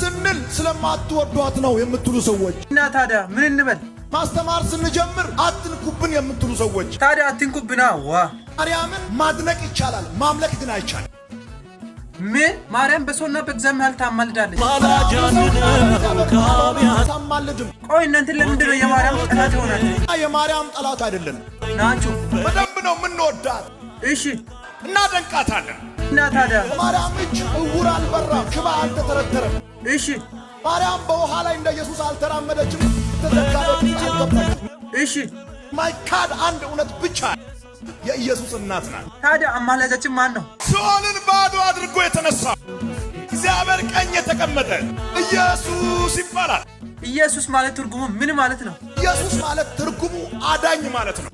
ስንል ስለማትወዷት ነው የምትሉ ሰዎች እና ታዲያ ምን እንበል? ማስተማር ስንጀምር አትንኩብን የምትሉ ሰዎች ታዲያ አትንኩብና ዋ ማርያምን ማድነቅ ይቻላል፣ ማምለክ ግን አይቻል። ምን ማርያም በሰውና በእግዚአብሔር ታማልዳለች። ታማልድም። ቆይ እናንተ ለምንድን ነው የማርያም ጠላት ሆናል? የማርያም ጠላት አይደለም ናችሁ። በደንብ ነው የምንወዳት። እሺ እናደንቃታለን። እና ታዲያ ማርያም እጅ እውር አልበራም፣ ሽባ አልተተረተረም። እሺ። ማርያም በውሃ ላይ እንደ ኢየሱስ አልተራመደችም። እሺ። ማይካድ አንድ እውነት ብቻ የኢየሱስ እናት ናት። ታዲያ አማላጃችን ማን ነው? ሲኦልን ባዶ አድርጎ የተነሳ እግዚአብሔር ቀኝ የተቀመጠ ኢየሱስ ይባላል። ኢየሱስ ማለት ትርጉሙ ምን ማለት ነው? ኢየሱስ ማለት ትርጉሙ አዳኝ ማለት ነው።